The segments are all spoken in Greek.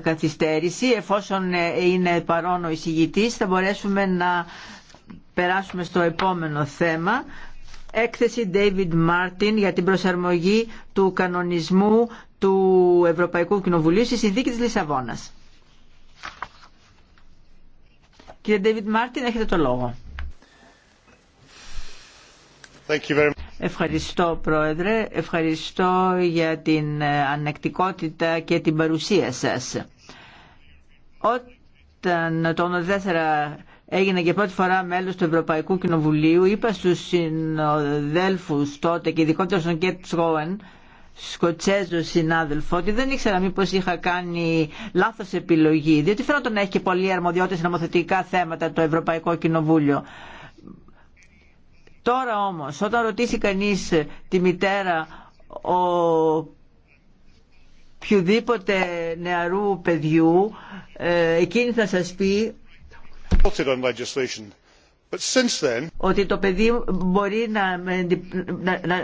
καθυστέρηση. Εφόσον ε, είναι παρόν ο εισηγητής θα μπορέσουμε να περάσουμε στο επόμενο θέμα. Έκθεση David Martin για την προσαρμογή του κανονισμού του Ευρωπαϊκού Κοινοβουλίου στη Συνθήκη της Λισαβόνας. Κύριε David Martin, έχετε το λόγο. Ευχαριστώ Πρόεδρε, ευχαριστώ για την ε, ανεκτικότητα και την παρουσία σας. Όταν το 1984 έγινε για πρώτη φορά μέλος του Ευρωπαϊκού Κοινοβουλίου, είπα στους συνοδέλφους τότε και ειδικότερα στον Κέτ Γόεν, Σκοτσέζο συνάδελφο ότι δεν ήξερα μήπως είχα κάνει λάθος επιλογή διότι φαίνεται να έχει και πολλή αρμοδιότητα σε νομοθετικά θέματα το Ευρωπαϊκό Κοινοβούλιο Τώρα όμως, όταν ρωτήσει κανείς τη μητέρα ο οποιοδήποτε νεαρού παιδιού, ε, εκείνη θα σας πει ότι το παιδί μπορεί να,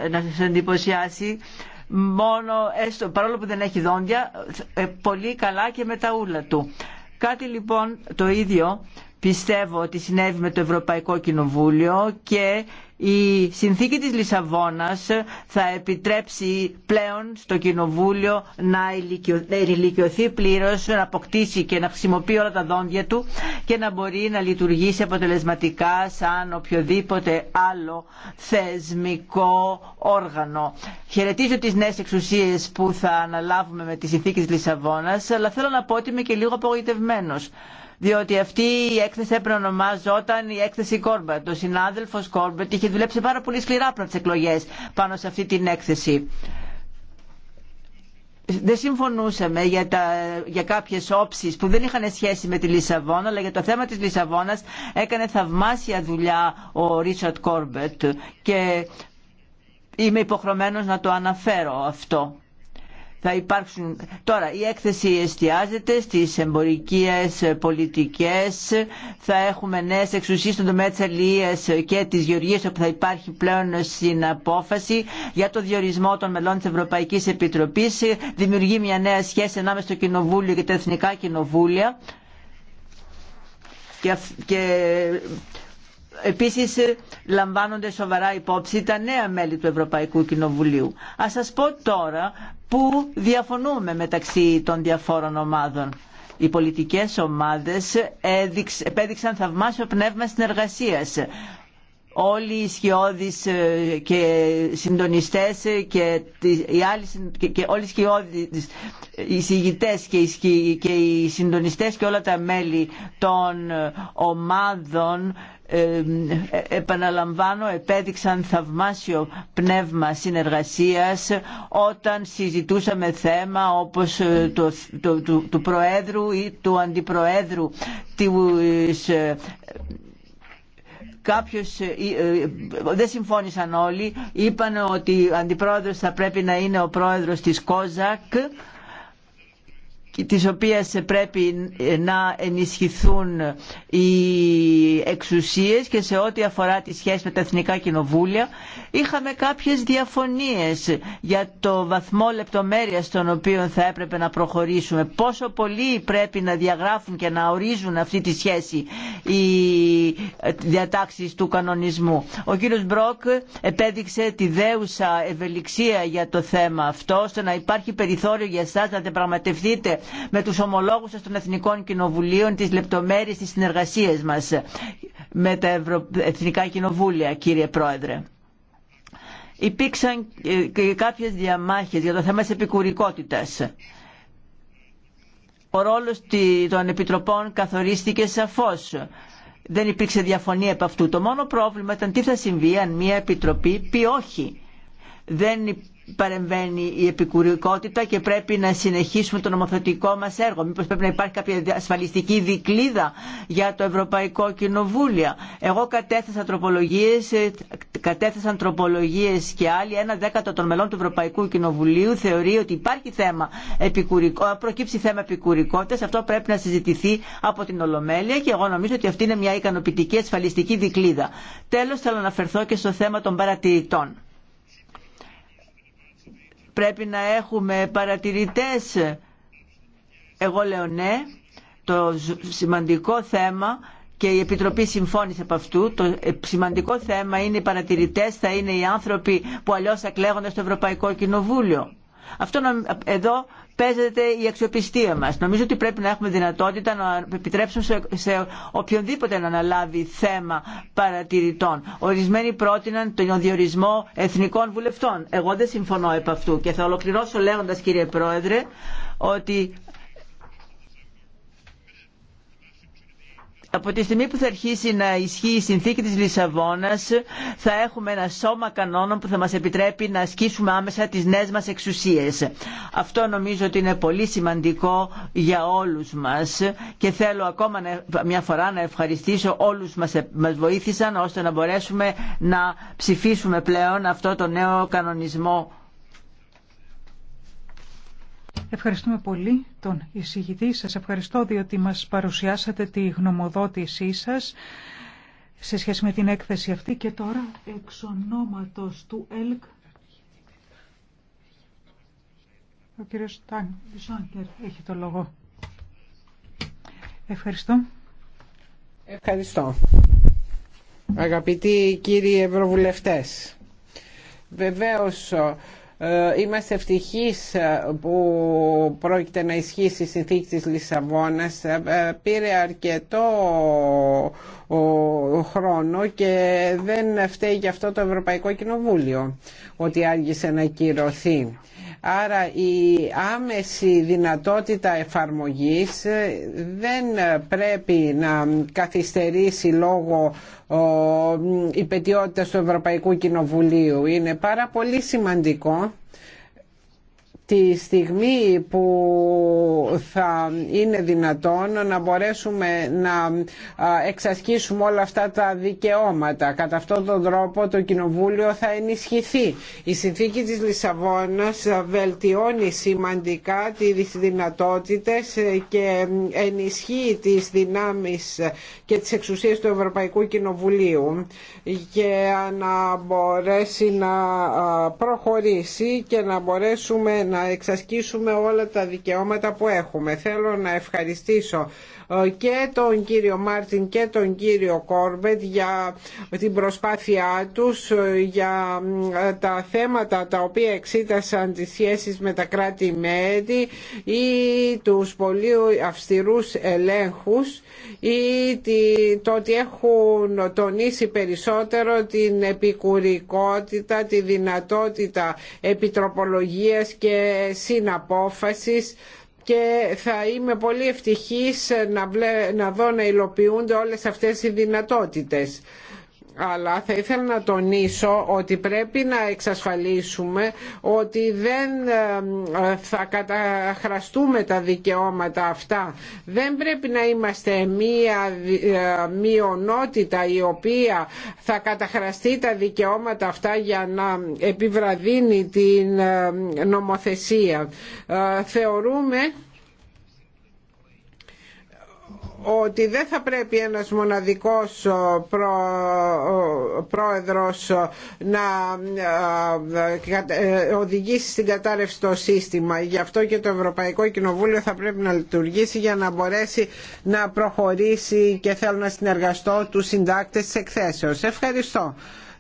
να, εντυπωσιάσει μόνο, έστω, παρόλο που δεν έχει δόντια, ε, πολύ καλά και με τα ούλα του. Κάτι λοιπόν το ίδιο πιστεύω ότι συνέβη με το Ευρωπαϊκό Κοινοβούλιο και η συνθήκη της Λισαβόνας θα επιτρέψει πλέον στο Κοινοβούλιο να ενηλικιωθεί πλήρως, να αποκτήσει και να χρησιμοποιεί όλα τα δόντια του και να μπορεί να λειτουργήσει αποτελεσματικά σαν οποιοδήποτε άλλο θεσμικό όργανο. Χαιρετίζω τις νέες εξουσίες που θα αναλάβουμε με τη συνθήκη της Λισαβόνας, αλλά θέλω να πω ότι είμαι και λίγο απογοητευμένος διότι αυτή η έκθεση έπρεπε να ονομάζονταν η έκθεση Κόρμπετ. Ο συνάδελφος Κόρμπετ είχε δουλέψει πάρα πολύ σκληρά πριν τις εκλογές πάνω σε αυτή την έκθεση. Δεν συμφωνούσαμε για, τα, για κάποιες όψεις που δεν είχαν σχέση με τη Λισαβόνα, αλλά για το θέμα της Λισαβόνας έκανε θαυμάσια δουλειά ο Ρίτσαρτ Κόρμπετ και είμαι υποχρεωμένος να το αναφέρω αυτό θα υπάρξουν. Τώρα η έκθεση εστιάζεται στι εμπορικέ πολιτικές, θα έχουμε νέες εξουσίες στον τομέα τη και της Γεωργία, όπου θα υπάρχει πλέον συναπόφαση για το διορισμό των μελών τη ευρωπαϊκή Επιτροπή. δημιουργεί μια νέα σχέση ανάμεσα στο Κοινοβούλιο και τα Εθνικά Κοινοβούλια και Επίσης ε, λαμβάνονται σοβαρά υπόψη τα νέα μέλη του Ευρωπαϊκού Κοινοβουλίου. Ας σας πω τώρα που διαφωνούμε μεταξύ των διαφόρων ομάδων. Οι πολιτικές ομάδες επέδειξαν θαυμάσιο πνεύμα συνεργασίας. Όλοι οι σκιώδεις ε, και συντονιστές ε, και, οι άλλοι, και, όλοι οι οι συγητές και οι, και οι συντονιστές και όλα τα μέλη των ομάδων ε, επαναλαμβάνω επέδειξαν θαυμάσιο πνεύμα συνεργασίας όταν συζητούσαμε θέμα όπως ε, του, Προέδρου ή του Αντιπροέδρου της ε, κάποιος, δεν συμφώνησαν όλοι, είπαν ότι ο αντιπρόεδρος θα πρέπει να είναι ο πρόεδρος της ΚΟΖΑΚ της οποίας πρέπει να ενισχυθούν οι εξουσίες και σε ό,τι αφορά τη σχέση με τα εθνικά κοινοβούλια είχαμε κάποιες διαφωνίες για το βαθμό λεπτομέρειας στον οποίο θα έπρεπε να προχωρήσουμε πόσο πολύ πρέπει να διαγράφουν και να ορίζουν αυτή τη σχέση οι διατάξεις του κανονισμού. Ο κύριος Μπρόκ επέδειξε τη δέουσα ευελιξία για το θέμα αυτό ώστε να υπάρχει περιθώριο για εσάς να με τους ομολόγους των Εθνικών Κοινοβουλίων τις λεπτομέρειες της συνεργασίας μας με τα Ευρω... Εθνικά Κοινοβούλια, κύριε Πρόεδρε. Υπήρξαν και κάποιες διαμάχες για το θέμα της επικουρικότητας. Ο ρόλος των επιτροπών καθορίστηκε σαφώς. Δεν υπήρξε διαφωνία από αυτού. Το μόνο πρόβλημα ήταν τι θα συμβεί αν μια επιτροπή πει όχι παρεμβαίνει η επικουρικότητα και πρέπει να συνεχίσουμε το νομοθετικό μας έργο. Μήπως πρέπει να υπάρχει κάποια ασφαλιστική δικλίδα για το Ευρωπαϊκό Κοινοβούλιο. Εγώ κατέθεσα τροπολογίες, ε, κατέθεσαν τροπολογίες και άλλοι. Ένα δέκατο των μελών του Ευρωπαϊκού Κοινοβουλίου θεωρεί ότι υπάρχει θέμα επικουρικό, προκύψει θέμα επικουρικότητας. Αυτό πρέπει να συζητηθεί από την Ολομέλεια και εγώ νομίζω ότι αυτή είναι μια ικανοποιητική ασφαλιστική δικλίδα. Τέλος θέλω να αναφερθώ και στο θέμα των παρατηρητών πρέπει να έχουμε παρατηρητές. Εγώ λέω ναι, το σημαντικό θέμα και η Επιτροπή συμφώνησε από αυτού. Το σημαντικό θέμα είναι οι παρατηρητές, θα είναι οι άνθρωποι που αλλιώς θα κλαίγονται στο Ευρωπαϊκό Κοινοβούλιο. Αυτό εδώ παίζεται η αξιοπιστία μας. Νομίζω ότι πρέπει να έχουμε δυνατότητα να επιτρέψουμε σε οποιονδήποτε να αναλάβει θέμα παρατηρητών. Ορισμένοι πρότειναν τον διορισμό εθνικών βουλευτών. Εγώ δεν συμφωνώ επ' αυτού και θα ολοκληρώσω λέγοντας κύριε Πρόεδρε ότι από τη στιγμή που θα αρχίσει να ισχύει η συνθήκη της Λισαβόνας θα έχουμε ένα σώμα κανόνων που θα μας επιτρέπει να ασκήσουμε άμεσα τις νέες μας εξουσίες. Αυτό νομίζω ότι είναι πολύ σημαντικό για όλους μας και θέλω ακόμα μια φορά να ευχαριστήσω όλους μας, ε, μας βοήθησαν ώστε να μπορέσουμε να ψηφίσουμε πλέον αυτό το νέο κανονισμό Ευχαριστούμε πολύ τον εισηγητή σας. Ευχαριστώ διότι μας παρουσιάσατε τη γνωμοδότησή σας σε σχέση με την έκθεση αυτή και τώρα εξ του ΕΛΚ ο κύριος Τάνκερ έχει το λόγο. Ευχαριστώ. Ευχαριστώ. Αγαπητοί κύριοι Ευρωβουλευτές, βεβαίως ε, είμαστε ευτυχείς ε, που πρόκειται να ισχύσει η συνθήκη της Λισαβόνας. Ε, πήρε αρκετό χρόνο και δεν φταίει γι' αυτό το Ευρωπαϊκό Κοινοβούλιο ότι άργησε να κυρωθεί. Άρα η άμεση δυνατότητα εφαρμογής δεν πρέπει να καθυστερήσει λόγω υπετιότητας του Ευρωπαϊκού Κοινοβουλίου. Είναι πάρα πολύ σημαντικό τη στιγμή που θα είναι δυνατόν να μπορέσουμε να εξασκήσουμε όλα αυτά τα δικαιώματα. Κατά αυτόν τον τρόπο το Κοινοβούλιο θα ενισχυθεί. Η συνθήκη της Λισαβόνας βελτιώνει σημαντικά τις δυνατότητες και ενισχύει τις δυνάμεις και τις εξουσίες του Ευρωπαϊκού Κοινοβουλίου και να μπορέσει να προχωρήσει και να μπορέσουμε να να εξασκήσουμε όλα τα δικαιώματα που έχουμε. Θέλω να ευχαριστήσω ε, και τον κύριο Μάρτιν και τον κύριο Κόρβετ για την προσπάθειά τους ε, για ε, τα θέματα τα οποία εξήτασαν τις σχέσεις με τα κράτη-μέλη ή τους πολύ αυστηρούς ελέγχους ή το ότι έχουν τονίσει περισσότερο την επικουρικότητα, τη δυνατότητα επιτροπολογίας και συναπόφασης και θα είμαι πολύ ευτυχής να, βλέ... να δω να υλοποιούνται όλες αυτές οι δυνατότητες αλλά θα ήθελα να τονίσω ότι πρέπει να εξασφαλίσουμε ότι δεν ε, θα καταχραστούμε τα δικαιώματα αυτά. Δεν πρέπει να είμαστε μία ε, μειονότητα η οποία θα καταχραστεί τα δικαιώματα αυτά για να επιβραδύνει την ε, νομοθεσία. Θεωρούμε ότι δεν θα πρέπει ένας μοναδικός πρόεδρος να ε, οδηγήσει στην κατάρρευση το σύστημα. Γι' αυτό και το Ευρωπαϊκό Κοινοβούλιο θα πρέπει να λειτουργήσει για να μπορέσει να προχωρήσει και θέλω να συνεργαστώ τους συντάκτες της εκθέσεως. Ευχαριστώ.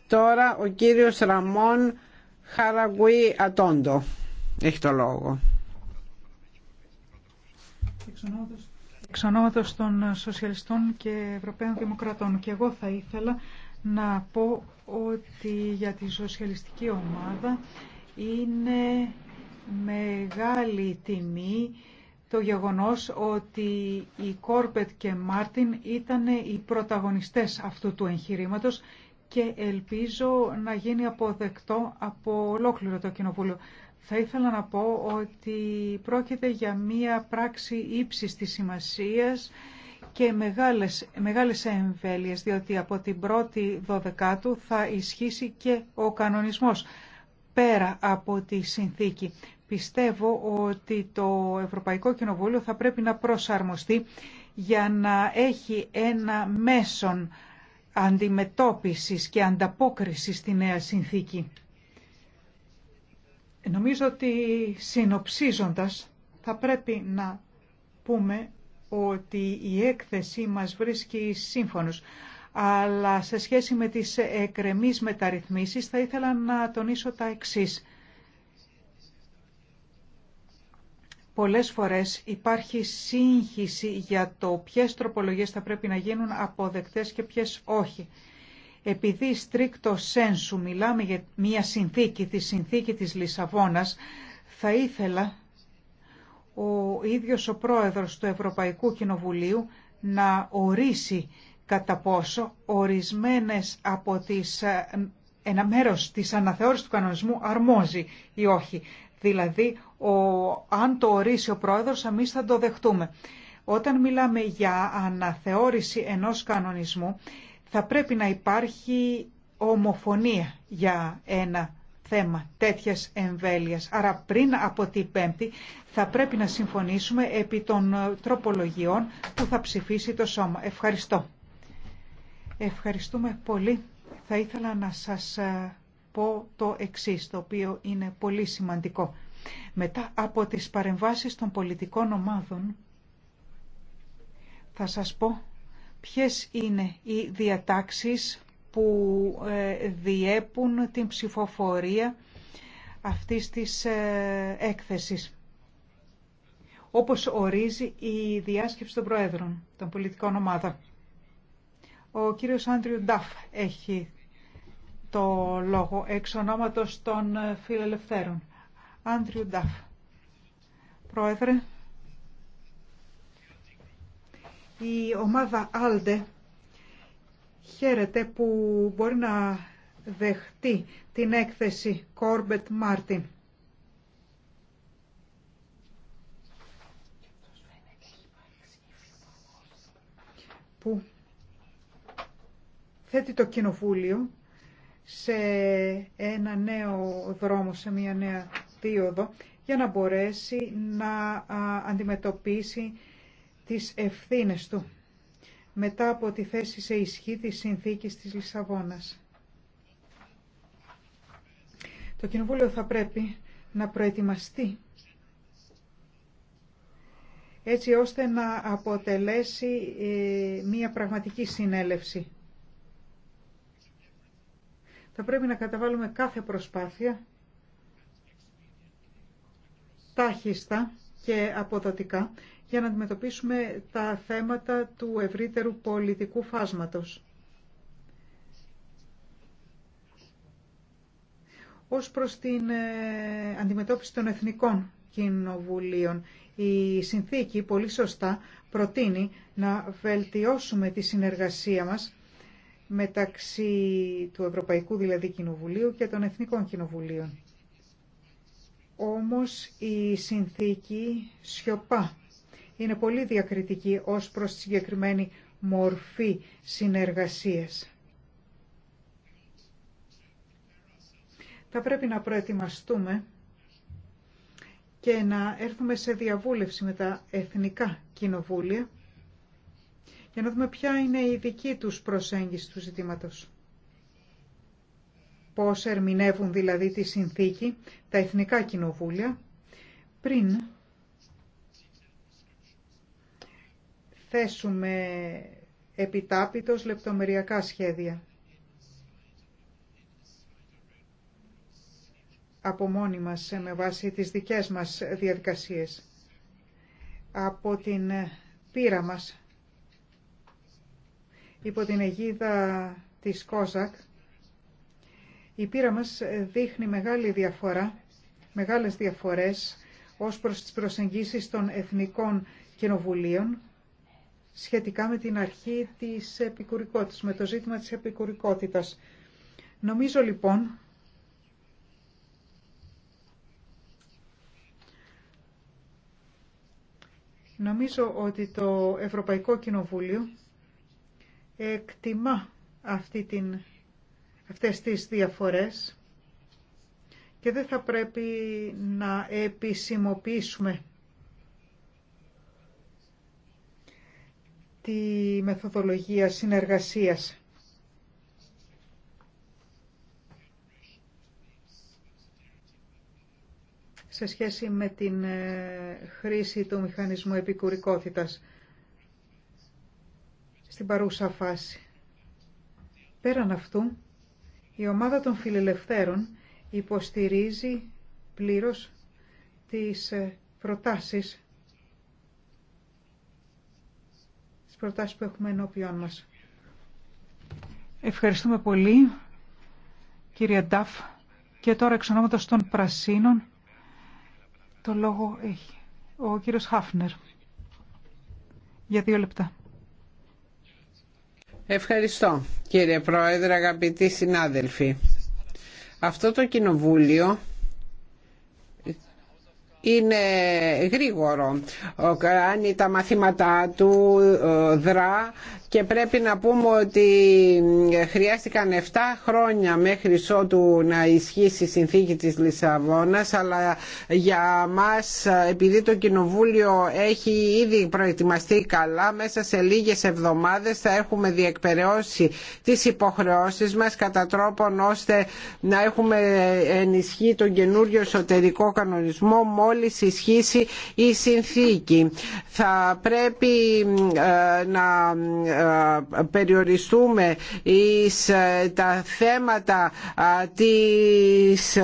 Τώρα ο κύριος Ραμόν Χαραγκουή Ατόντο έχει το λόγο. Εξ των Σοσιαλιστών και Ευρωπαίων Δημοκρατών και εγώ θα ήθελα να πω ότι για τη Σοσιαλιστική Ομάδα είναι μεγάλη τιμή το γεγονός ότι η Κόρπετ και Μάρτιν ήταν οι πρωταγωνιστές αυτού του εγχειρήματος και ελπίζω να γίνει αποδεκτό από ολόκληρο το Κοινοβούλιο. Θα ήθελα να πω ότι πρόκειται για μία πράξη ύψης της σημασίας και μεγάλες, μεγάλες εμβέλειες, διότι από την πρώτη δωδεκάτου θα ισχύσει και ο κανονισμός πέρα από τη συνθήκη. Πιστεύω ότι το Ευρωπαϊκό Κοινοβούλιο θα πρέπει να προσαρμοστεί για να έχει ένα μέσον αντιμετώπισης και ανταπόκρισης στη νέα συνθήκη. Νομίζω ότι συνοψίζοντας θα πρέπει να πούμε ότι η έκθεση μας βρίσκει σύμφωνος. Αλλά σε σχέση με τις εκρεμείς μεταρρυθμίσεις θα ήθελα να τονίσω τα εξής. Πολλές φορές υπάρχει σύγχυση για το ποιες τροπολογίες θα πρέπει να γίνουν αποδεκτές και ποιες όχι. Επειδή στρίκτο σένσου μιλάμε για μια συνθήκη, τη συνθήκη της Λισαβόνας, θα ήθελα ο ίδιος ο πρόεδρος του Ευρωπαϊκού Κοινοβουλίου να ορίσει κατά πόσο ορισμένες από τις, ε, ένα μέρος της αναθεώρησης του κανονισμού αρμόζει ή όχι. Δηλαδή, ο, αν το ορίσει ο πρόεδρος, εμεί θα το δεχτούμε. Όταν μιλάμε για αναθεώρηση ενός κανονισμού, θα πρέπει να υπάρχει ομοφωνία για ένα θέμα τέτοιας εμβέλειας. Άρα πριν από την Πέμπτη θα πρέπει να συμφωνήσουμε επί των ε, τροπολογιών που θα ψηφίσει το Σώμα. Ευχαριστώ. Ευχαριστούμε πολύ. Θα ήθελα να σας ε, πω το εξής, το οποίο είναι πολύ σημαντικό. Μετά από τις παρεμβάσεις των πολιτικών ομάδων, θα σας πω ποιες είναι οι διατάξεις που ε, διέπουν την ψηφοφορία αυτής της ε, έκθεσης όπως ορίζει η διάσκεψη των Προέδρων των πολιτικών ομάδων. Ο κύριος Άντριου Νταφ έχει το λόγο εξ ονόματος των ε, φιλελευθέρων. Άντριου Νταφ. Πρόεδρε. Η ομάδα ALDE χαίρεται που μπορεί να δεχτεί την έκθεση Corbett Martin. που θέτει το κοινοβούλιο σε ένα νέο δρόμο, σε μια νέα δίωδο, για να μπορέσει να αντιμετωπίσει τις ευθύνες του μετά από τη θέση σε ισχύ της συνθήκης της Λισαβόνας. Το Κοινοβούλιο θα πρέπει να προετοιμαστεί έτσι ώστε να αποτελέσει ε, μία πραγματική συνέλευση. Θα πρέπει να καταβάλουμε κάθε προσπάθεια τάχιστα και αποδοτικά για να αντιμετωπίσουμε τα θέματα του ευρύτερου πολιτικού φάσματος. Ως προς την ε, αντιμετώπιση των εθνικών κοινοβουλίων, η συνθήκη πολύ σωστά προτείνει να βελτιώσουμε τη συνεργασία μας μεταξύ του Ευρωπαϊκού δηλαδή Κοινοβουλίου και των Εθνικών Κοινοβουλίων. Όμως η συνθήκη σιωπά είναι πολύ διακριτική ως προς τη συγκεκριμένη μορφή συνεργασίας. Θα πρέπει να προετοιμαστούμε και να έρθουμε σε διαβούλευση με τα εθνικά κοινοβούλια για να δούμε ποια είναι η δική τους προσέγγιση του ζητήματος. Πώς ερμηνεύουν δηλαδή τη συνθήκη τα εθνικά κοινοβούλια πριν θέσουμε επιτάπητος λεπτομεριακά σχέδια. από μόνοι μας με βάση τις δικές μας διαδικασίες. Από την πείρα μας, υπό την αιγίδα της Κόζακ, η πείρα μας δείχνει μεγάλη διαφορά, μεγάλες διαφορές ως προς τις προσεγγίσεις των εθνικών κοινοβουλίων σχετικά με την αρχή της επικουρικότητας, με το ζήτημα της επικουρικότητας. Νομίζω λοιπόν Νομίζω ότι το Ευρωπαϊκό Κοινοβούλιο εκτιμά αυτή την, αυτές τις διαφορές και δεν θα πρέπει να επισημοποιήσουμε τη μεθοδολογία συνεργασίας. σε σχέση με την ε, χρήση του μηχανισμού επικουρικότητας στην παρούσα φάση. Πέραν αυτού, η ομάδα των φιλελευθέρων υποστηρίζει πλήρως τις ε, προτάσεις προτάσεις που έχουμε ενώπιόν μας. Ευχαριστούμε πολύ, κύριε Νταφ. Και τώρα εξ ονόματος των Πρασίνων, το λόγο έχει ο κύριος Χάφνερ. Για δύο λεπτά. Ευχαριστώ, κύριε Πρόεδρε, αγαπητοί συνάδελφοι. Αυτό το κοινοβούλιο είναι γρήγορο. Κάνει τα μαθήματά του, ε, δρά και πρέπει να πούμε ότι ε, χρειάστηκαν 7 χρόνια μέχρι ότου να ισχύσει η συνθήκη της Λισαβόνας αλλά για μας ε, επειδή το Κοινοβούλιο έχει ήδη προετοιμαστεί καλά μέσα σε λίγες εβδομάδες θα έχουμε διεκπαιρεώσει τις υποχρεώσεις μας κατά τρόπον ώστε να έχουμε ενισχύει τον καινούριο εσωτερικό κανονισμό μόλις ισχύσει η συνθήκη. Θα πρέπει ε, να ε, περιοριστούμε εις ε, τα θέματα της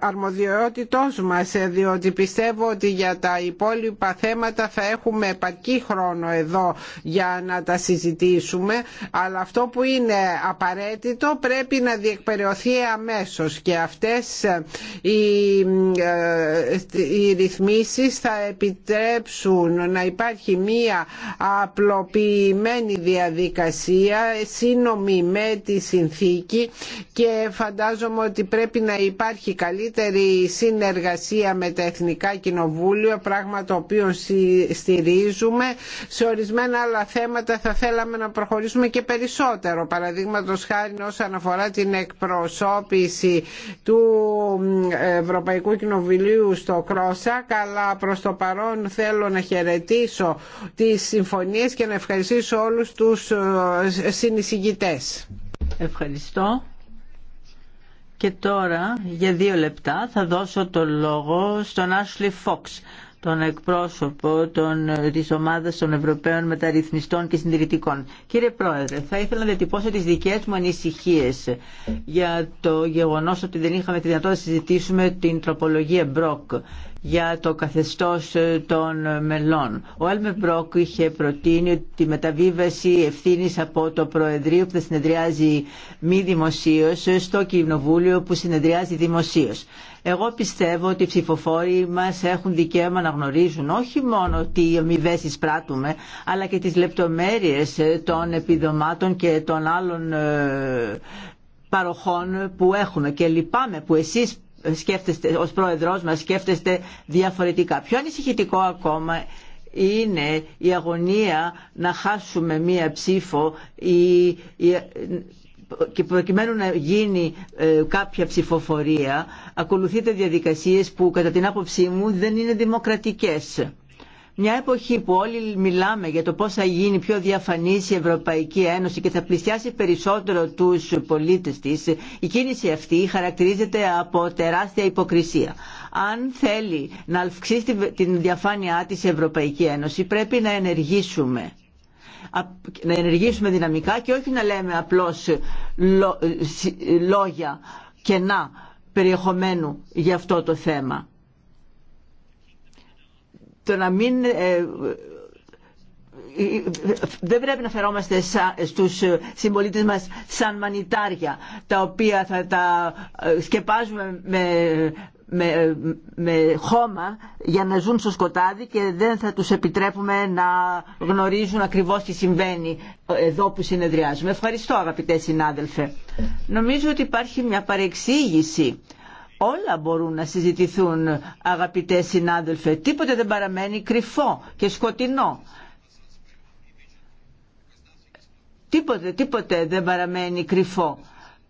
αρμοδιότητός μας διότι πιστεύω ότι για τα υπόλοιπα θέματα θα έχουμε επαρκή χρόνο εδώ για να τα συζητήσουμε αλλά αυτό που είναι απαραίτητο πρέπει να διεκπεραιωθεί αμέσως και αυτές οι ε, ε, οι ρυθμίσεις θα επιτρέψουν να υπάρχει μία απλοποιημένη διαδικασία σύνομη με τη συνθήκη και φαντάζομαι ότι πρέπει να υπάρχει καλύτερη συνεργασία με τα Εθνικά Κοινοβούλια πράγμα το οποίο στηρίζουμε σε ορισμένα άλλα θέματα θα θέλαμε να προχωρήσουμε και περισσότερο παραδείγματο χάρη όσον αφορά την εκπροσώπηση του Ευρωπαϊκού Κοινοβουλίου στο κρόσα αλλά προς το παρόν θέλω να χαιρετήσω τι συμφωνίε και να ευχαριστήσω όλους τους ε, συνεισηγητέ. Ευχαριστώ. Και τώρα για δύο λεπτά θα δώσω το λόγο στον Ashley Fox τον εκπρόσωπο των, της ομάδας των Ευρωπαίων Μεταρρυθμιστών και Συντηρητικών. Κύριε Πρόεδρε, θα ήθελα να διατυπώσω τις δικές μου ανησυχίες για το γεγονός ότι δεν είχαμε τη δυνατότητα να συζητήσουμε την τροπολογία Μπροκ για το καθεστώς των μελών. Ο Έλμε Μπρόκ είχε προτείνει τη μεταβίβαση ευθύνη από το Προεδρείο που θα συνεδριάζει μη δημοσίω στο Κοινοβούλιο που συνεδριάζει δημοσίω. Εγώ πιστεύω ότι οι ψηφοφόροι μας έχουν δικαίωμα να γνωρίζουν όχι μόνο τι αμοιβέ εισπράττουμε, αλλά και τις λεπτομέρειες ε, των επιδομάτων και των άλλων ε, παροχών που έχουν Και λυπάμαι που εσείς σκέφτεστε, ω πρόεδρός μας σκέφτεστε διαφορετικά. Πιο ανησυχητικό ακόμα είναι η αγωνία να χάσουμε μία ψήφο ή και προκειμένου να γίνει ε, κάποια ψηφοφορία ακολουθείται διαδικασίες που κατά την άποψή μου δεν είναι δημοκρατικές. Μια εποχή που όλοι μιλάμε για το πώς θα γίνει πιο διαφανής η Ευρωπαϊκή Ένωση και θα πλησιάσει περισσότερο τους πολίτες της, η κίνηση αυτή χαρακτηρίζεται από τεράστια υποκρισία. Αν θέλει να αυξήσει την διαφάνειά της η Ευρωπαϊκή Ένωση πρέπει να ενεργήσουμε να ενεργήσουμε δυναμικά και όχι να λέμε απλώς λόγια κενά περιεχομένου για αυτό το θέμα. Το να μην ε, ε, ε, δεν πρέπει να φερόμαστε στους συμπολίτες μας σαν μανιτάρια τα οποία θα τα σκεπάζουμε με με, με χώμα για να ζουν στο σκοτάδι και δεν θα τους επιτρέπουμε να γνωρίζουν ακριβώς τι συμβαίνει εδώ που συνεδριάζουμε. Ευχαριστώ αγαπητέ συνάδελφε. Νομίζω ότι υπάρχει μια παρεξήγηση. Όλα μπορούν να συζητηθούν αγαπητέ συνάδελφε. Τίποτε δεν παραμένει κρυφό και σκοτεινό. Τίποτε, τίποτε δεν παραμένει κρυφό.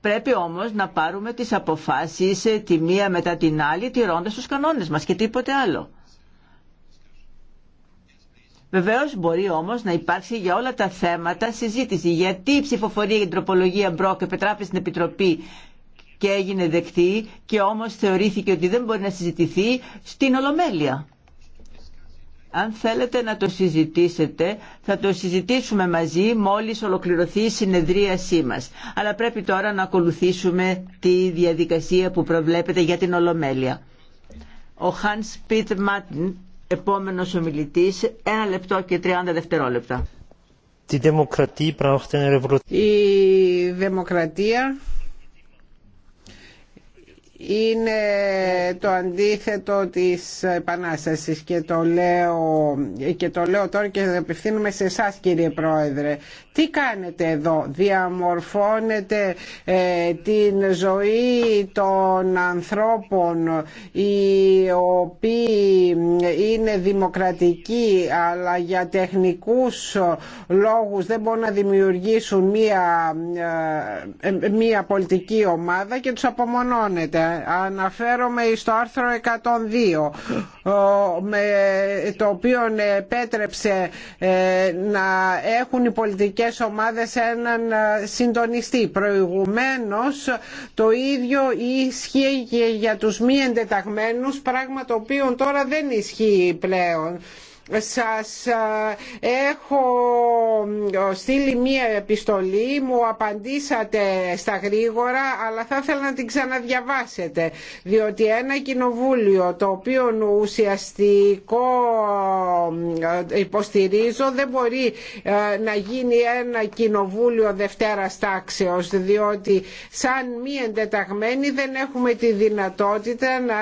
Πρέπει όμως να πάρουμε τις αποφάσεις ε, τη μία μετά την άλλη τηρώντας τους κανόνες μας και τίποτε άλλο. Βεβαίως μπορεί όμως να υπάρξει για όλα τα θέματα συζήτηση. Γιατί η ψηφοφορία για την τροπολογία Μπρόκ επετράπησε στην Επιτροπή και έγινε δεκτή και όμως θεωρήθηκε ότι δεν μπορεί να συζητηθεί στην Ολομέλεια αν θέλετε να το συζητήσετε, θα το συζητήσουμε μαζί μόλις ολοκληρωθεί η συνεδρίασή μας. Αλλά πρέπει τώρα να ακολουθήσουμε τη διαδικασία που προβλέπεται για την Ολομέλεια. Ο Hans Πιτ Μάτιν, επόμενος ομιλητής, ένα λεπτό και 30 δευτερόλεπτα. Η δημοκρατία είναι το αντίθετο της επανάστασης και το λέω, και το λέω τώρα και απευθύνουμε σε εσά κύριε Πρόεδρε. Τι κάνετε εδώ, διαμορφώνετε ε, την ζωή των ανθρώπων οι οποίοι είναι δημοκρατικοί αλλά για τεχνικούς λόγους δεν μπορούν να δημιουργήσουν μία, ε, μία πολιτική ομάδα και τους απομονώνετε Αναφέρομαι στο άρθρο 102 με το οποίο επέτρεψε ε, να έχουν οι πολιτικές ομάδες έναν ε, συντονιστή. Προηγουμένως το ίδιο ισχύει για τους μη εντεταγμένους πράγμα το οποίο τώρα δεν ισχύει πλέον σας ε, έχω ε, στείλει μία επιστολή, μου απαντήσατε στα γρήγορα, αλλά θα ήθελα να την ξαναδιαβάσετε, διότι ένα κοινοβούλιο το οποίο ουσιαστικό ε, υποστηρίζω δεν μπορεί να γίνει ένα κοινοβούλιο Δευτέρα τάξεως, διότι σαν μη εντεταγμένοι δεν έχουμε τη δυνατότητα να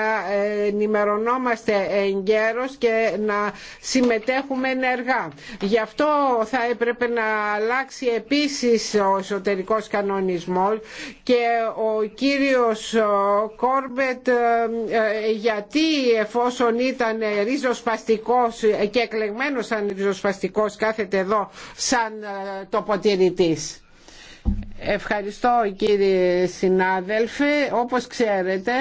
ενημερωνόμαστε εγκαίρως και να συμμετέχουμε ενεργά. Γι' αυτό θα έπρεπε να αλλάξει επίσης ο εσωτερικός κανονισμός και ο κύριος Κόρμπετ ε, ε, γιατί εφόσον ήταν ριζοσπαστικός και εκλεγμένος σαν ριζοσπαστικός κάθεται εδώ σαν ε, το Ευχαριστώ κύριε συνάδελφε. Όπως ξέρετε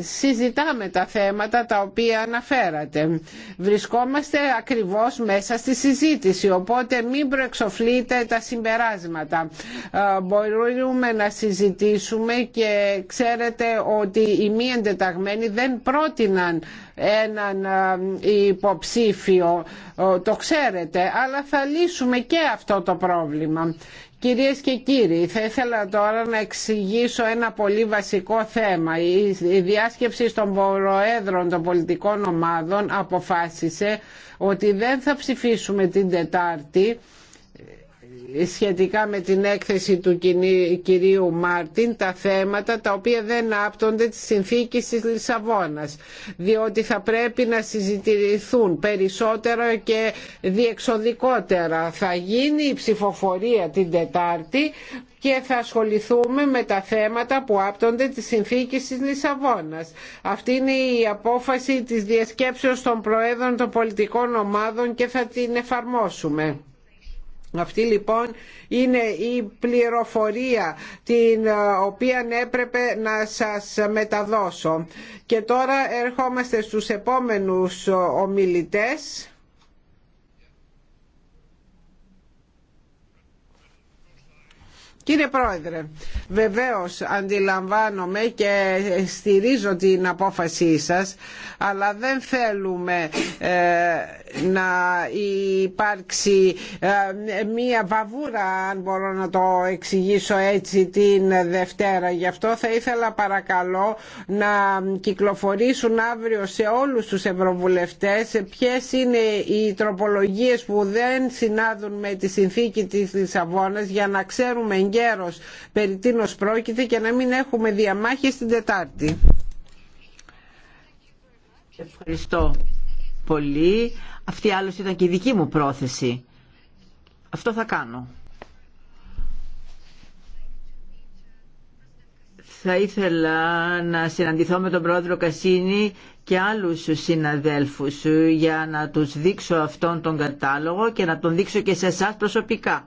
συζητάμε τα θέματα τα οποία αναφέρατε. Βρισκόμαστε ακριβώς μέσα στη συζήτηση, οπότε μην προεξοφλείτε τα συμπεράσματα. Ε, μπορούμε να συζητήσουμε και ξέρετε ότι οι μη εντεταγμένοι δεν πρότειναν έναν ε, υποψήφιο, ε, το ξέρετε, αλλά θα λύσουμε και αυτό το πρόβλημα. Κυρίες και κύριοι, θα ήθελα τώρα να εξηγήσω ένα πολύ βασικό θέμα. Η διάσκεψη των προέδρων των πολιτικών ομάδων αποφάσισε ότι δεν θα ψηφίσουμε την Τετάρτη, σχετικά με την έκθεση του κυρίου Μάρτιν τα θέματα τα οποία δεν άπτονται της συνθήκη της Λισαβόνας διότι θα πρέπει να συζητηθούν περισσότερο και διεξοδικότερα. Θα γίνει η ψηφοφορία την Τετάρτη και θα ασχοληθούμε με τα θέματα που άπτονται της συνθήκη της Λισαβόνας. Αυτή είναι η απόφαση της διασκέψεως των Προέδρων των πολιτικών ομάδων και θα την εφαρμόσουμε. Αυτή λοιπόν είναι η πληροφορία την ε, οποία έπρεπε να σας μεταδώσω. Και τώρα ερχόμαστε στους επόμενους ε, ομιλητές. Κύριε Πρόεδρε, βεβαίως αντιλαμβάνομαι και στηρίζω την απόφασή σας, αλλά δεν θέλουμε ε, να υπάρξει ε, μία βαβούρα, αν μπορώ να το εξηγήσω έτσι, την Δευτέρα. Γι' αυτό θα ήθελα παρακαλώ να κυκλοφορήσουν αύριο σε όλους τους ευρωβουλευτές ποιες είναι οι τροπολογίες που δεν συνάδουν με τη συνθήκη της Λισαβόνας για να ξέρουμε γέρος περί τίνος πρόκειται και να μην έχουμε διαμάχες την Τετάρτη. Ευχαριστώ πολύ. Αυτή άλλωστε ήταν και η δική μου πρόθεση. Αυτό θα κάνω. θα ήθελα να συναντηθώ με τον πρόεδρο Κασίνη και άλλους συναδέλφους για να τους δείξω αυτόν τον κατάλογο και να τον δείξω και σε εσά προσωπικά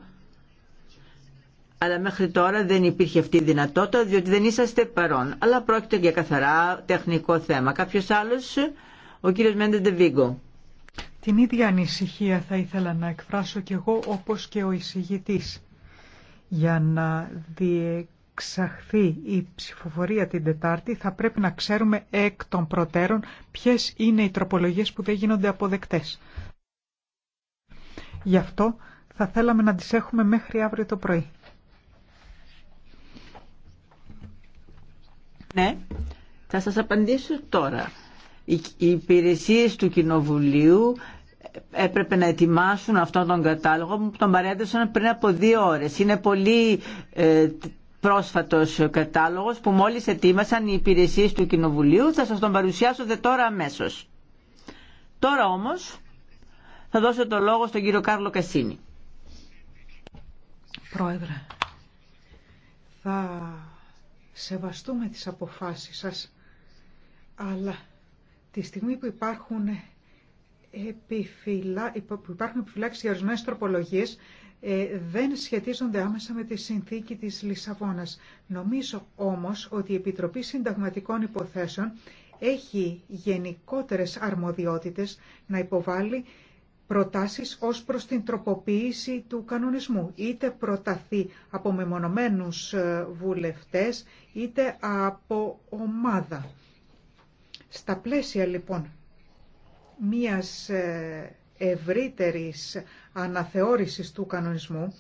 αλλά μέχρι τώρα δεν υπήρχε αυτή η δυνατότητα διότι δεν είσαστε παρόν. Αλλά πρόκειται για καθαρά τεχνικό θέμα. Κάποιο άλλο, ο κύριο Μέντε Βίγκο. Την ίδια ανησυχία θα ήθελα να εκφράσω κι εγώ όπως και ο εισηγητής για να διεξαχθεί η ψηφοφορία την Τετάρτη θα πρέπει να ξέρουμε εκ των προτέρων ποιες είναι οι τροπολογίες που δεν γίνονται αποδεκτές. Γι' αυτό θα θέλαμε να τις έχουμε μέχρι αύριο το πρωί. Ναι. θα σας απαντήσω τώρα. Οι υπηρεσίες του Κοινοβουλίου έπρεπε να ετοιμάσουν αυτόν τον κατάλογο που τον παρέδωσαν πριν από δύο ώρες. Είναι πολύ ε, πρόσφατος κατάλογος που μόλις ετοίμασαν οι υπηρεσίες του Κοινοβουλίου. Θα σας τον παρουσιάσω δε τώρα αμέσω. Τώρα όμως θα δώσω το λόγο στον κύριο Κάρλο Κασίνη. Πρόεδρε, θα σεβαστούμε τις αποφάσεις σας, αλλά τη στιγμή που υπάρχουν, επιφυλά... υπάρχουν επιφυλάξεις για ορισμένες τροπολογίες, ε, δεν σχετίζονται άμεσα με τη συνθήκη της Λισαβόνας. Νομίζω όμως ότι η Επιτροπή Συνταγματικών Υποθέσεων έχει γενικότερες αρμοδιότητες να υποβάλει προτάσεις ως προς την τροποποίηση του κανονισμού. Είτε προταθεί από μεμονωμένους ε, βουλευτές, είτε από ομάδα. Στα πλαίσια λοιπόν μίας ε, ευρύτερης αναθεώρησης του κανονισμού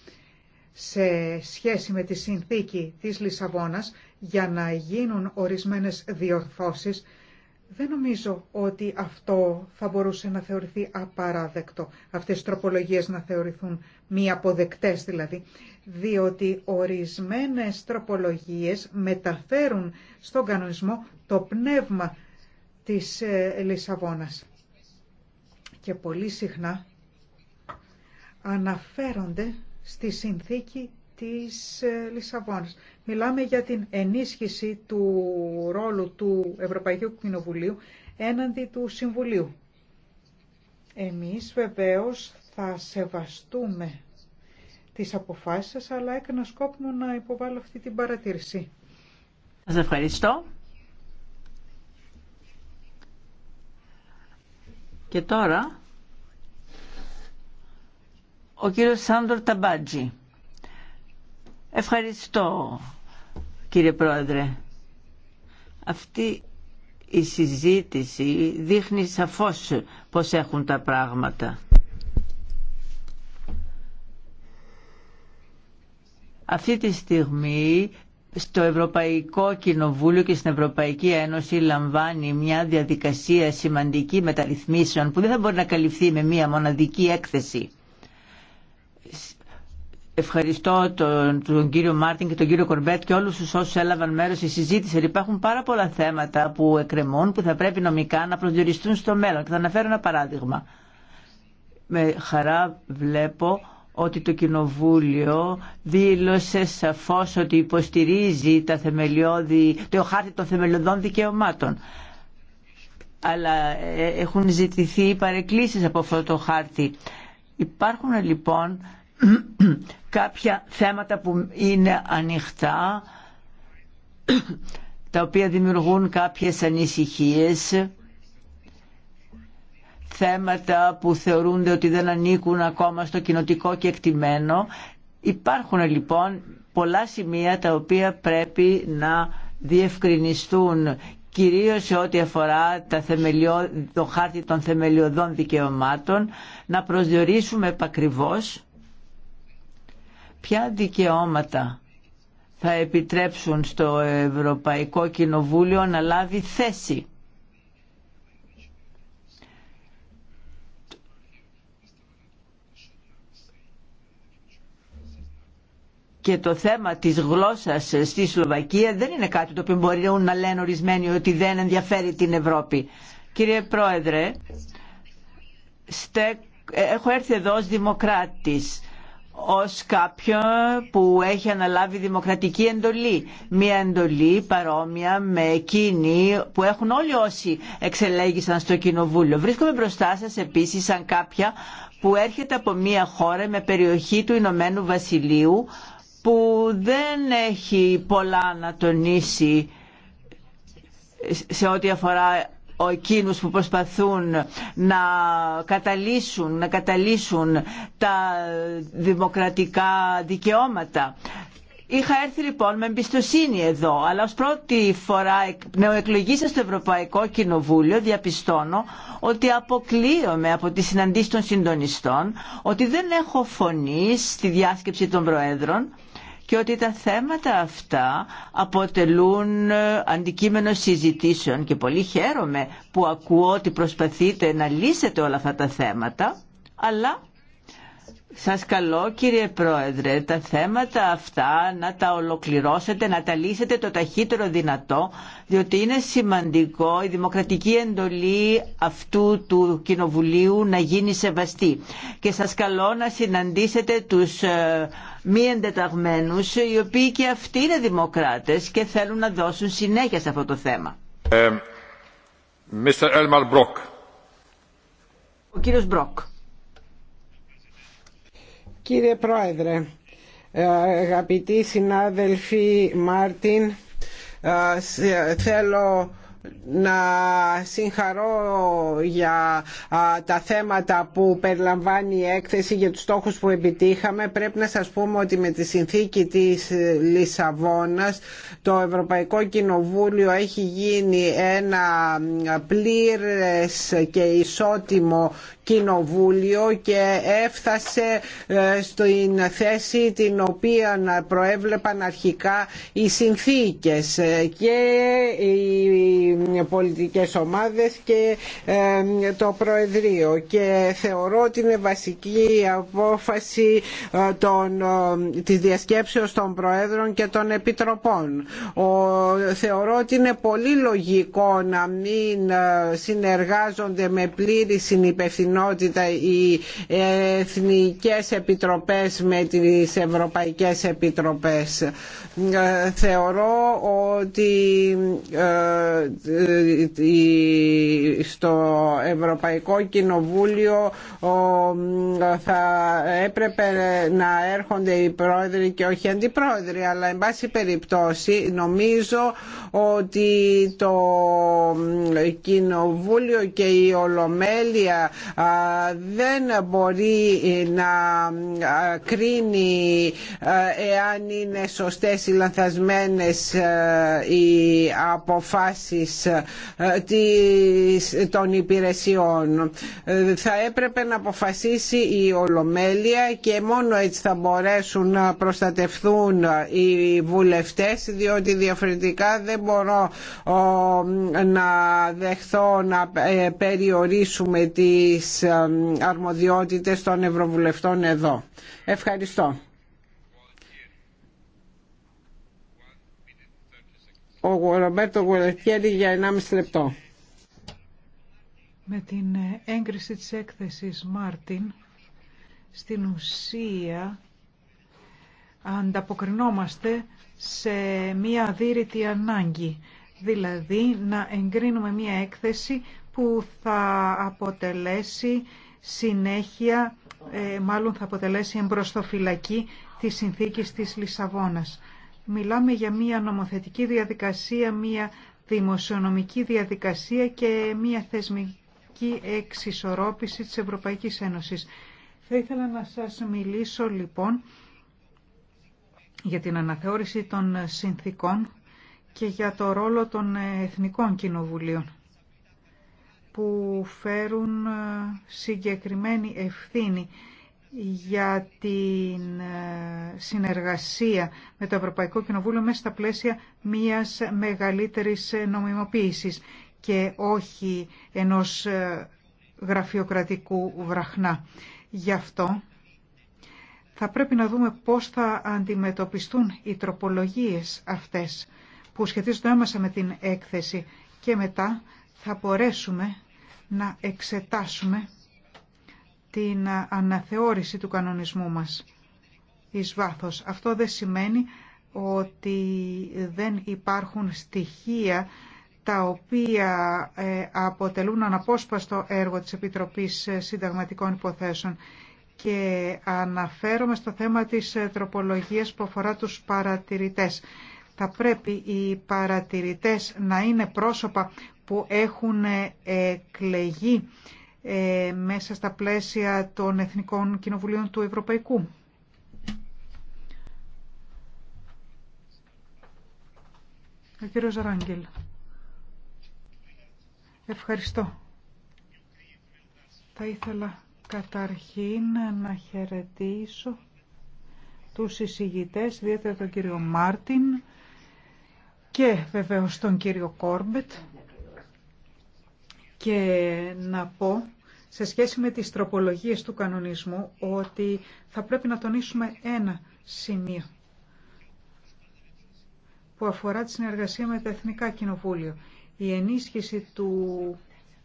σε σχέση με τη συνθήκη της Λισαβόνας για να γίνουν ορισμένες διορθώσεις δεν νομίζω ότι αυτό θα μπορούσε να θεωρηθεί απαράδεκτο, αυτές οι τροπολογίες να θεωρηθούν μη αποδεκτές δηλαδή, διότι ορισμένες τροπολογίες μεταφέρουν στον κανονισμό το πνεύμα της ε, Λισαβόνας. Και πολύ συχνά αναφέρονται στη συνθήκη της ε, Λισαβόνας. Μιλάμε για την ενίσχυση του ρόλου του Ευρωπαϊκού Κοινοβουλίου έναντι του Συμβουλίου. Εμείς βεβαίως θα σεβαστούμε τις αποφάσεις σας, αλλά έκανα σκόπιμο να υποβάλω αυτή την παρατήρηση. Σας ευχαριστώ. Και τώρα, ο κύριος Σάντορ Ταμπάτζη. Ευχαριστώ κύριε Πρόεδρε. Αυτή η συζήτηση δείχνει σαφώς πως έχουν τα πράγματα. Αυτή τη στιγμή στο Ευρωπαϊκό Κοινοβούλιο και στην Ευρωπαϊκή Ένωση λαμβάνει μια διαδικασία σημαντική μεταρρυθμίσεων που δεν θα μπορεί να καλυφθεί με μια μοναδική έκθεση. Ευχαριστώ τον, τον κύριο Μάρτιν και τον κύριο Κορμπέτ και όλους τους όσους έλαβαν μέρος στη συζήτηση. Υπάρχουν πάρα πολλά θέματα που εκκρεμούν που θα πρέπει νομικά να προσδιοριστούν στο μέλλον. Και θα αναφέρω ένα παράδειγμα. Με χαρά βλέπω ότι το Κοινοβούλιο δήλωσε σαφώς ότι υποστηρίζει τα θεμελιώδη, το χάρτη των θεμελιωδών δικαιωμάτων. Αλλά ε, έχουν ζητηθεί παρεκκλήσεις από αυτό το χάρτη. Υπάρχουν λοιπόν κάποια θέματα που είναι ανοιχτά, τα οποία δημιουργούν κάποιες ανησυχίες, θέματα που θεωρούνται ότι δεν ανήκουν ακόμα στο κοινοτικό και εκτιμένο. Υπάρχουν λοιπόν πολλά σημεία τα οποία πρέπει να διευκρινιστούν κυρίως σε ό,τι αφορά τα θεμελιώ... το χάρτη των θεμελιωδών δικαιωμάτων, να προσδιορίσουμε επακριβώς ποια δικαιώματα θα επιτρέψουν στο Ευρωπαϊκό Κοινοβούλιο να λάβει θέση. και το θέμα της γλώσσας στη Σλοβακία δεν είναι κάτι το οποίο μπορεί να λένε ορισμένοι ότι δεν ενδιαφέρει την Ευρώπη. Κύριε Πρόεδρε, ε, έχω έρθει εδώ ως δημοκράτης ως κάποιον που έχει αναλάβει δημοκρατική εντολή. Μια εντολή παρόμοια με εκείνη που έχουν όλοι όσοι εξελέγησαν στο Κοινοβούλιο. Βρίσκομαι μπροστά σας επίσης σαν κάποια που έρχεται από μια χώρα με περιοχή του Ηνωμένου Βασιλείου που δεν έχει πολλά να τονίσει σε ό,τι αφορά εκείνου που προσπαθούν να καταλύσουν, να καταλύσουν τα δημοκρατικά δικαιώματα. Είχα έρθει λοιπόν με εμπιστοσύνη εδώ, αλλά ως πρώτη φορά νεοεκλογήσα στο Ευρωπαϊκό Κοινοβούλιο διαπιστώνω ότι αποκλείομαι από τις συναντήσεις των συντονιστών, ότι δεν έχω φωνή στη διάσκεψη των Προέδρων και ότι τα θέματα αυτά αποτελούν ε, αντικείμενο συζητήσεων και πολύ χαίρομαι που ακούω ότι προσπαθείτε να λύσετε όλα αυτά τα θέματα αλλά σας καλώ κύριε Πρόεδρε τα θέματα αυτά να τα ολοκληρώσετε, να τα λύσετε το ταχύτερο δυνατό διότι είναι σημαντικό η δημοκρατική εντολή αυτού του Κοινοβουλίου να γίνει σεβαστή και σας καλώ να συναντήσετε τους ε, μη εντεταγμένους οι οποίοι και αυτοί είναι δημοκράτες και θέλουν να δώσουν συνέχεια σε αυτό το θέμα. Ε, Ο κύριος Μπροκ. Κύριε Πρόεδρε, ε, αγαπητοί συνάδελφοι Μάρτιν, ε, θέλω να συγχαρώ για τα θέματα που περιλαμβάνει η έκθεση για τους στόχους που επιτύχαμε. Πρέπει να σας πούμε ότι με τη συνθήκη της Λισαβόνας το Ευρωπαϊκό Κοινοβούλιο έχει γίνει ένα πλήρες και ισότιμο κοινοβούλιο και έφτασε ε, στην θέση την οποία προέβλεπαν αρχικά οι συνθήκες ε, και οι πολιτικές ομάδες και ε, το Προεδρείο και θεωρώ ότι είναι βασική απόφαση των, της διασκέψεως των Προέδρων και των Επιτροπών. Ο, θεωρώ ότι είναι πολύ λογικό να μην συνεργάζονται με πλήρη συνυπευθυνότητα οι εθνικές επιτροπές με τις ευρωπαϊκές επιτροπές. Θεωρώ ότι ε, ε, ε, στο Ευρωπαϊκό Κοινοβούλιο θα έπρεπε να έρχονται οι πρόεδροι και όχι οι αντιπρόεδροι αλλά εν πάση περιπτώσει νομίζω ότι το Κοινοβούλιο και η Ολομέλεια δεν μπορεί να κρίνει εάν είναι σωστές ή λανθασμένες οι αποφάσεις των υπηρεσιών. Θα έπρεπε να αποφασίσει η Ολομέλεια και μόνο έτσι θα μπορέσουν να προστατευθούν οι βουλευτές διότι διαφορετικά δεν μπορώ να δεχθώ να ε, περιορίσουμε τις ε, αρμοδιότητες των Ευρωβουλευτών εδώ. Ευχαριστώ. Ο Ρομπέρτο για 1,5 λεπτό. Με την ε, έγκριση της έκθεσης Μάρτιν, στην ουσία ανταποκρινόμαστε σε μία αδύρυτη ανάγκη, δηλαδή να εγκρίνουμε μία έκθεση που θα αποτελέσει συνέχεια, ε, μάλλον θα αποτελέσει εμπροστοφυλακή της συνθήκης της Λισαβόνας. Μιλάμε για μια νομοθετική διαδικασία, μια δημοσιονομική διαδικασία και μια θεσμική εξισορρόπηση της Ευρωπαϊκής Ένωσης. Θα ήθελα να σας μιλήσω λοιπόν για την αναθεώρηση των συνθήκων και για το ρόλο των εθνικών κοινοβουλίων που φέρουν ε, συγκεκριμένη ευθύνη για την ε, συνεργασία με το Ευρωπαϊκό Κοινοβούλιο μέσα στα πλαίσια μιας μεγαλύτερης ε, νομιμοποίησης και όχι ενός γραφειοκρατικού βραχνά. Γι' αυτό θα πρέπει να δούμε πώς θα αντιμετωπιστούν οι τροπολογίες αυτές που σχετίζονται άμεσα με την έκθεση και μετά θα μπορέσουμε να εξετάσουμε την αναθεώρηση του κανονισμού μας εις βάθος. Αυτό δεν σημαίνει ότι δεν υπάρχουν στοιχεία τα οποία ε, αποτελούν αναπόσπαστο έργο της Επιτροπής ε, Συνταγματικών Υποθέσεων και αναφέρομαι στο θέμα της ε, τροπολογίας που αφορά τους παρατηρητές. Θα πρέπει οι παρατηρητές να είναι πρόσωπα που έχουν εκλεγεί ε, μέσα στα πλαίσια των Εθνικών Κοινοβουλίων του Ευρωπαϊκού. Ο κύριος Ευχαριστώ. Θα ήθελα καταρχήν να χαιρετήσω τους συζητητές, ιδιαίτερα τον κύριο Μάρτιν και βεβαίως τον κύριο Κόρμπετ και να πω σε σχέση με τις τροπολογίες του κανονισμού ότι θα πρέπει να τονίσουμε ένα σημείο που αφορά τη συνεργασία με τα Εθνικά Κοινοβούλια. Η ενίσχυση του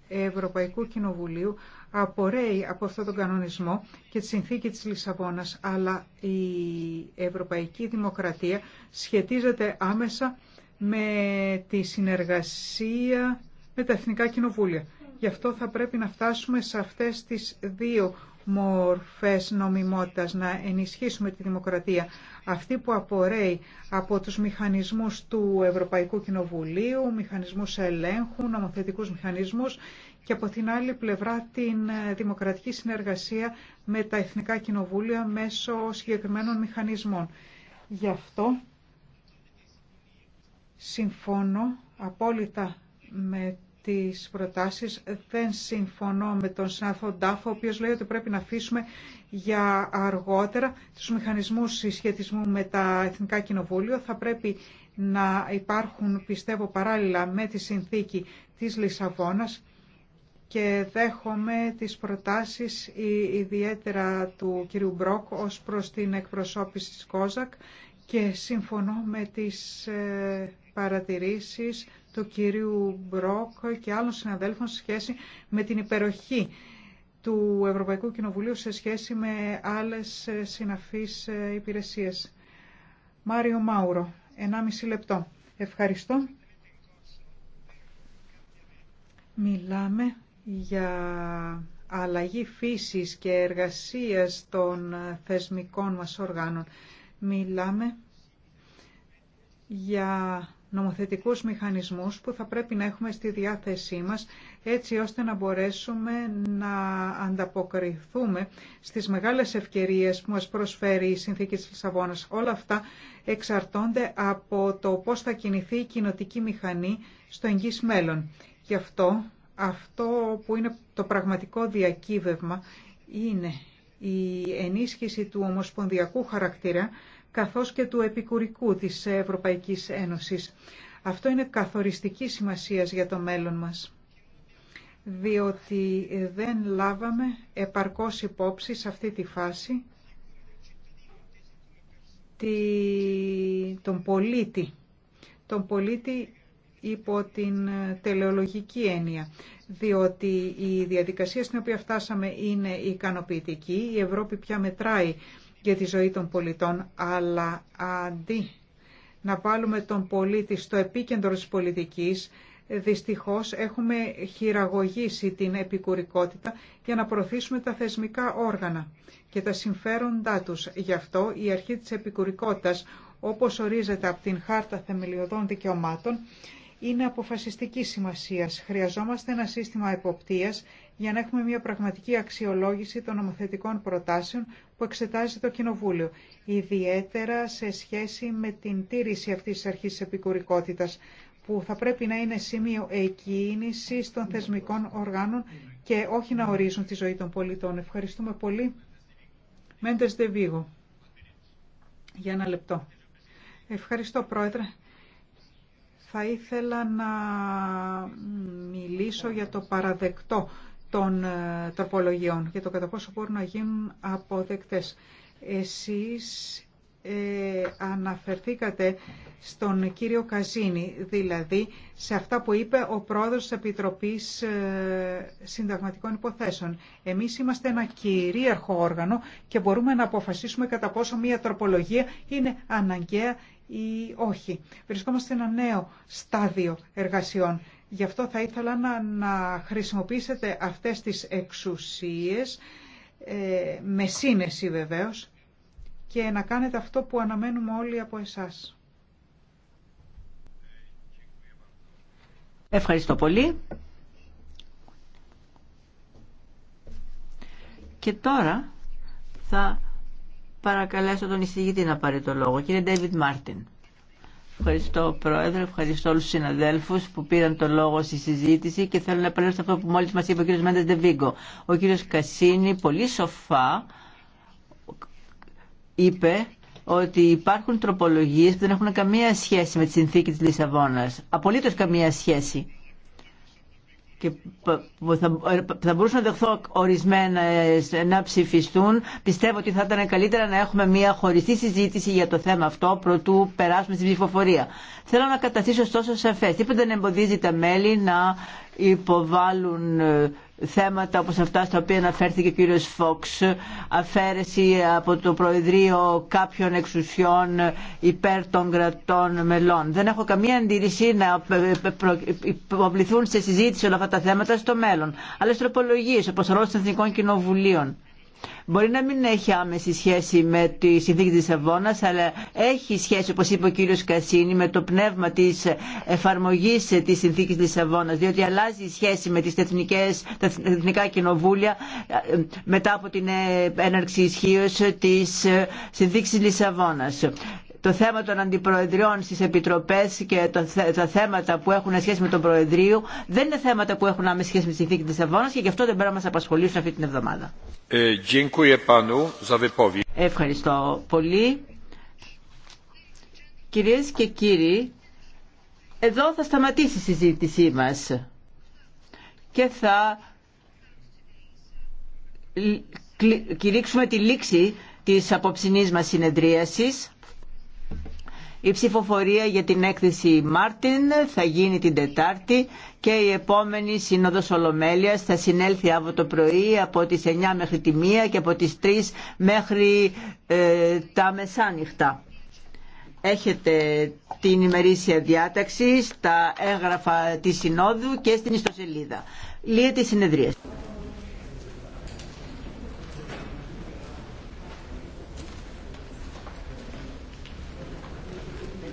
Ευρωπαϊκού Κοινοβουλίου απορρέει από αυτόν τον κανονισμό και τη συνθήκη της Λισαβόνας, αλλά η Ευρωπαϊκή Δημοκρατία σχετίζεται άμεσα με τη συνεργασία με τα Εθνικά Κοινοβούλια. Γι' αυτό θα πρέπει να φτάσουμε σε αυτές τις δύο μορφές νομιμότητας, να ενισχύσουμε τη δημοκρατία. Αυτή που απορρέει από τους μηχανισμούς του Ευρωπαϊκού Κοινοβουλίου, μηχανισμούς ελέγχου, νομοθετικούς μηχανισμούς και από την άλλη πλευρά την δημοκρατική συνεργασία με τα Εθνικά Κοινοβούλια μέσω συγκεκριμένων μηχανισμών. Γι' αυτό συμφώνω απόλυτα με τις προτάσεις. Δεν συμφωνώ με τον Σνάφο Ντάφο, ο οποίος λέει ότι πρέπει να αφήσουμε για αργότερα τους μηχανισμούς συσχετισμού με τα Εθνικά Κοινοβούλια. Θα πρέπει να υπάρχουν, πιστεύω, παράλληλα με τη συνθήκη της Λισαβόνας και δέχομαι τις προτάσεις ιδιαίτερα του κυρίου Μπρόκ ως προς την εκπροσώπηση της ΚΟΖΑΚ και συμφωνώ με τις ε, παρατηρήσεις του κυρίου Μπρόκ και άλλων συναδέλφων σε σχέση με την υπεροχή του Ευρωπαϊκού Κοινοβουλίου σε σχέση με άλλες συναφείς υπηρεσίες. Μάριο Μάουρο, 1,5 λεπτό. Ευχαριστώ. Μιλάμε για αλλαγή φύσης και εργασίας των θεσμικών μας οργάνων. Μιλάμε για νομοθετικούς μηχανισμούς που θα πρέπει να έχουμε στη διάθεσή μας έτσι ώστε να μπορέσουμε να ανταποκριθούμε στις μεγάλες ευκαιρίες που μας προσφέρει η Συνθήκη της Λισαβόνας. Όλα αυτά εξαρτώνται από το πώς θα κινηθεί η κοινοτική μηχανή στο εγγύς μέλλον. Γι' αυτό, αυτό που είναι το πραγματικό διακύβευμα είναι η ενίσχυση του ομοσπονδιακού χαρακτήρα καθώς και του επικουρικού της Ευρωπαϊκής Ένωσης. Αυτό είναι καθοριστική σημασίας για το μέλλον μας, διότι δεν λάβαμε επαρκώς υπόψη σε αυτή τη φάση τη... τον πολίτη, τον πολίτη υπό την τελεολογική έννοια, διότι η διαδικασία στην οποία φτάσαμε είναι ικανοποιητική, η Ευρώπη πια μετράει για τη ζωή των πολιτών, αλλά αντί να βάλουμε τον πολίτη στο επίκεντρο της πολιτικής, δυστυχώς έχουμε χειραγωγήσει την επικουρικότητα για να προωθήσουμε τα θεσμικά όργανα και τα συμφέροντά τους. Γι' αυτό η αρχή της επικουρικότητας, όπως ορίζεται από την Χάρτα Θεμελιωδών Δικαιωμάτων, είναι αποφασιστική σημασία. Χρειαζόμαστε ένα σύστημα εποπτείας για να έχουμε μια πραγματική αξιολόγηση των νομοθετικών προτάσεων που εξετάζει το Κοινοβούλιο, ιδιαίτερα σε σχέση με την τήρηση αυτής της αρχής της επικουρικότητας, που θα πρέπει να είναι σημείο εκκίνηση των θεσμικών οργάνων και όχι να ορίζουν τη ζωή των πολιτών. Ευχαριστούμε πολύ. Μέντες Δεβίγο. Για ένα λεπτό. Ευχαριστώ, Πρόεδρε. Θα ήθελα να μιλήσω για το παραδεκτό των ε, τροπολογιών, και το κατά πόσο μπορούν να γίνουν αποδεκτές. Εσείς ε, αναφερθήκατε στον κύριο Καζίνη, δηλαδή σε αυτά που είπε ο πρόεδρος της Επιτροπής ε, Συνταγματικών Υποθέσεων. Εμείς είμαστε ένα κυρίαρχο όργανο και μπορούμε να αποφασίσουμε κατά πόσο μια τροπολογία είναι αναγκαία ή όχι. Βρισκόμαστε σε ένα νέο στάδιο εργασιών. Γι' αυτό θα ήθελα να, να χρησιμοποιήσετε αυτές τις εξουσίες, ε, με σύνεση βεβαίως, και να κάνετε αυτό που αναμένουμε όλοι από εσάς. Ευχαριστώ πολύ. Και τώρα θα παρακαλέσω τον εισηγητή να πάρει το λόγο. Κύριε Ντέιβιτ Μάρτιν. Ευχαριστώ Πρόεδρε, ευχαριστώ όλους τους συναδέλφους που πήραν το λόγο στη συζήτηση και θέλω να επανέλθω αυτό που μόλις μας είπε ο κύριος Μέντες Ντεβίγκο. Ο κύριος Κασίνη πολύ σοφά είπε ότι υπάρχουν τροπολογίες που δεν έχουν καμία σχέση με τη συνθήκη της Λισαβόνας. Απολύτως καμία σχέση και θα, θα μπορούσα να δεχθώ ορισμένες να ψηφιστούν, πιστεύω ότι θα ήταν καλύτερα να έχουμε μια χωριστή συζήτηση για το θέμα αυτό προτού περάσουμε στην ψηφοφορία. Θέλω να καταστήσω ωστόσο σαφές. Τίποτα να εμποδίζει τα μέλη να υποβάλουν ε, θέματα όπως αυτά στα οποία αναφέρθηκε ο κύριος Φόξ, αφαίρεση από το Προεδρείο κάποιων εξουσιών υπέρ των κρατών μελών. Δεν έχω καμία αντίρρηση να υποβληθούν σε συζήτηση όλα αυτά τα θέματα στο μέλλον. Αλλά στροπολογίες όπως ρόλος των Εθνικών Κοινοβουλίων μπορεί να μην έχει άμεση σχέση με τη συνθήκη της Αβώνας, αλλά έχει σχέση, όπως είπε ο κύριος Κασίνη, με το πνεύμα της εφαρμογής της συνθήκης της Αβώνας, διότι αλλάζει η σχέση με τις τα εθνικά κοινοβούλια ε, μετά από την ε, έναρξη ισχύω της ε, συνθήκης της Λισαβόνας το θέμα των αντιπροεδριών στις επιτροπές και τα θέματα που έχουν σχέση με τον Προεδρείο δεν είναι θέματα που έχουν άμεση σχέση με τη συνθήκη της Αβώνας και γι' αυτό δεν πρέπει να μας απασχολήσουν αυτή την εβδομάδα. Ε, Ευχαριστώ πολύ. Κυρίες και κύριοι, εδώ θα σταματήσει η συζήτησή μας και θα κηρύξουμε τη λήξη της απόψινής μας συνεδρίασης. Η ψηφοφορία για την έκθεση Μάρτιν θα γίνει την Τετάρτη και η επόμενη Σύνοδος Ολομέλειας θα συνέλθει από το πρωί από τις 9 μέχρι τη 1 και από τις 3 μέχρι ε, τα μεσάνυχτα. Έχετε την ημερήσια διάταξη στα έγγραφα της Συνόδου και στην ιστοσελίδα. Λύεται η συνεδρία.